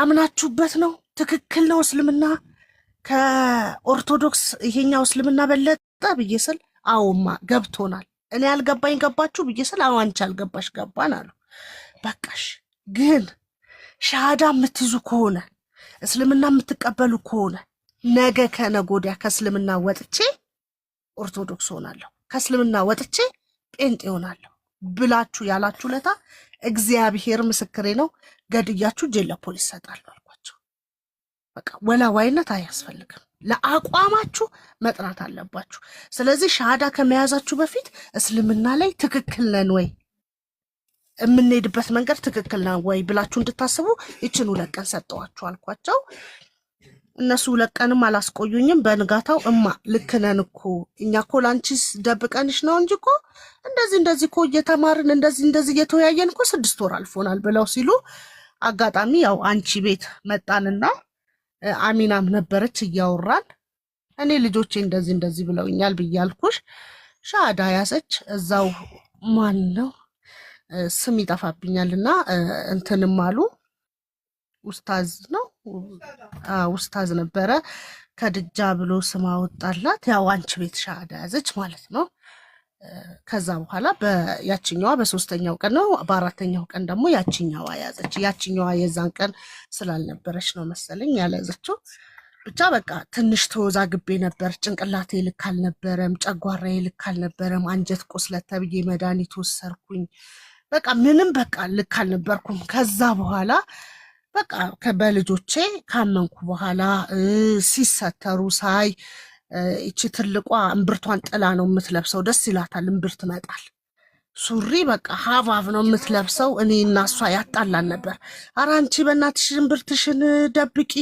አምናችሁበት ነው። ትክክል ነው። እስልምና ከኦርቶዶክስ ይሄኛው እስልምና በለጠ ብዬ ስል አውማ ገብቶናል። እኔ አልገባኝ ገባችሁ ብዬ ስል አዎ አንቺ አልገባሽ ገባን አሉ። በቃሽ። ግን ሻሃዳ የምትይዙ ከሆነ እስልምና የምትቀበሉ ከሆነ ነገ ከነገ ከእስልምና ወጥቼ ኦርቶዶክስ ሆናለሁ፣ ከእስልምና ወጥቼ ጴንጤ ሆናለሁ ብላችሁ ያላችሁ ለታ እግዚአብሔር ምስክሬ ነው፣ ገድያችሁ እጄን ለፖሊስ እሰጣለሁ አልኳቸው። በቃ ወላዋይነት አያስፈልግም። ለአቋማችሁ መጥራት አለባችሁ። ስለዚህ ሻሃዳ ከመያዛችሁ በፊት እስልምና ላይ ትክክል ነን ወይ የምንሄድበት መንገድ ትክክል ነን ወይ ብላችሁ እንድታስቡ ይችን ሁለት ቀን ሰጠዋችሁ አልኳቸው። እነሱ ለቀንም አላስቆዩኝም። በንጋታው እማ ልክ ነን እኮ እኛ እኮ ላንቺስ ደብቀንሽ ነው እንጂ እኮ እንደዚህ እንደዚህ እኮ እየተማርን እንደዚህ እንደዚህ እየተወያየን እኮ ስድስት ወር አልፎናል ብለው ሲሉ አጋጣሚ ያው አንቺ ቤት መጣንና አሚናም ነበረች እያወራን እኔ ልጆቼ እንደዚህ እንደዚህ ብለውኛል ብያልኩሽ ሻዳ ያሰች እዛው ማን ነው ስም ይጠፋብኛልና እንትንም አሉ ውስታዝ ነው ውስታዝ ነበረ። ከድጃ ብሎ ስም አወጣላት። ያው አንቺ ቤት ሻሃዳ ያዘች ማለት ነው። ከዛ በኋላ ያችኛዋ በሶስተኛው ቀን ነው። በአራተኛው ቀን ደግሞ ያችኛዋ ያዘች። ያችኛዋ የዛን ቀን ስላልነበረች ነው መሰለኝ ያለያዘችው። ብቻ በቃ ትንሽ ተወዛግቤ ነበር። ጭንቅላቴ ልክ አልነበረም፣ ጨጓራዬ ልክ አልነበረም። አንጀት ቁስለት ተብዬ መድኃኒት ወሰድኩኝ። በቃ ምንም በቃ ልክ አልነበርኩም። ከዛ በኋላ በቃ በልጆቼ ካመንኩ በኋላ ሲሰተሩ ሳይ እቺ ትልቋ እምብርቷን ጥላ ነው የምትለብሰው። ደስ ይላታል፣ እምብርት መጣል። ሱሪ በቃ ሀባብ ነው የምትለብሰው። እኔ እና እሷ ያጣላን ነበር። አራንቺ አንቺ በእናትሽ እምብርትሽን ደብቂ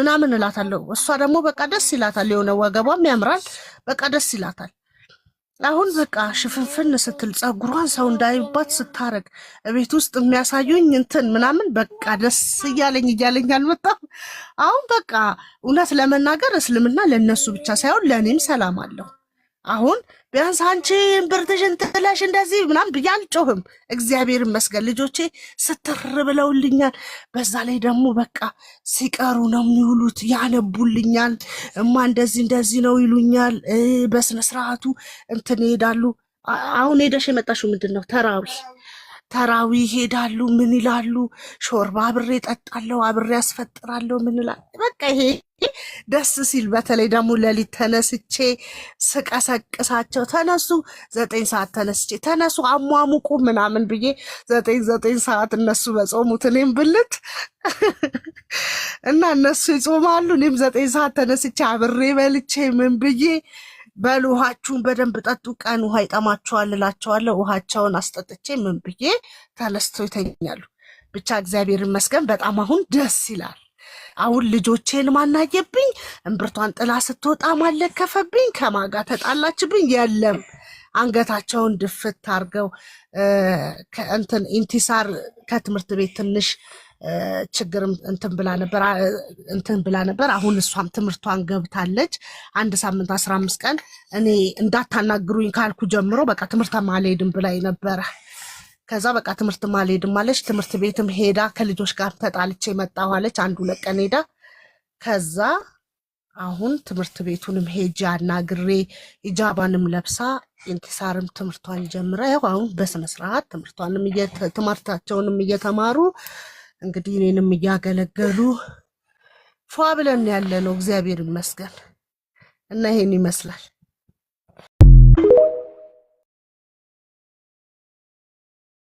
ምናምን እላታለሁ። እሷ ደግሞ በቃ ደስ ይላታል፣ የሆነ ወገቧም ያምራል። በቃ ደስ ይላታል። አሁን በቃ ሽፍንፍን ስትል ጸጉሯን ሰው እንዳይባት ስታረግ ቤት ውስጥ የሚያሳዩኝ እንትን ምናምን በቃ ደስ እያለኝ እያለኝ አልመጣም። አሁን በቃ እውነት ለመናገር እስልምና ለእነሱ ብቻ ሳይሆን ለእኔም ሰላም አለው። አሁን ቢያንስ አንቺ ብርትሽን ትለሽ እንደዚህ ምናምን ብዬ አልጮህም። እግዚአብሔር ይመስገን ልጆቼ ስትር ብለውልኛል። በዛ ላይ ደግሞ በቃ ሲቀሩ ነው የሚውሉት፣ ያነቡልኛል። እማ እንደዚህ እንደዚህ ነው ይሉኛል። በስነስርዓቱ እንትን ይሄዳሉ። አሁን ሄደሽ የመጣሽው ምንድን ነው? ተራዊ ተራዊ ይሄዳሉ። ምን ይላሉ? ሾርባ አብሬ እጠጣለሁ፣ አብሬ ያስፈጥራለሁ። ምን ይላል? በቃ ይሄ ደስ ሲል፣ በተለይ ደግሞ ለሊት ተነስቼ ስቀሰቅሳቸው ተነሱ፣ ዘጠኝ ሰዓት ተነስቼ ተነሱ፣ አሟሙቁ ምናምን ብዬ ዘጠኝ ዘጠኝ ሰዓት እነሱ በጾሙት እኔም ብልት እና እነሱ ይጾማሉ፣ እኔም ዘጠኝ ሰዓት ተነስቼ አብሬ በልቼ ምን ብዬ በሉ ውሃችሁን በደንብ ጠጡ፣ ቀን ውሃ ይጠማችኋል እላቸዋለሁ። ውሃቸውን አስጠጥቼ ምን ብዬ ተነስተው ይተኛሉ። ብቻ እግዚአብሔር ይመስገን በጣም አሁን ደስ ይላል። አሁን ልጆቼን ማናየብኝ፣ እምብርቷን ጥላ ስትወጣ ማለከፈብኝ፣ ከማጋ ተጣላችብኝ የለም አንገታቸውን ድፍት አርገው እንትን ኢንቲሳር ከትምህርት ቤት ትንሽ ችግርም እንትን ብላ ነበር እንትን ብላ ነበር። አሁን እሷም ትምህርቷን ገብታለች። አንድ ሳምንት አስራ አምስት ቀን እኔ እንዳታናግሩኝ ካልኩ ጀምሮ በቃ ትምህርት ማልሄድም ብላይ ነበረ። ከዛ በቃ ትምህርት ማልሄድም አለች። ትምህርት ቤትም ሄዳ ከልጆች ጋር ተጣልቼ መጣሁ አለች። አንድ ሁለት ቀን ሄዳ ከዛ አሁን ትምህርት ቤቱንም ሄጄ አናግሬ ኢጃባንም ለብሳ ኢንቲሳርም ትምህርቷን ጀምራ ይኸው አሁን በስነስርዓት ትምህርቷንም ትምህርታቸውንም እየተማሩ እንግዲህ እኔንም እያገለገሉ ፏ ብለን ያለ ነው። እግዚአብሔር ይመስገን እና ይሄን ይመስላል።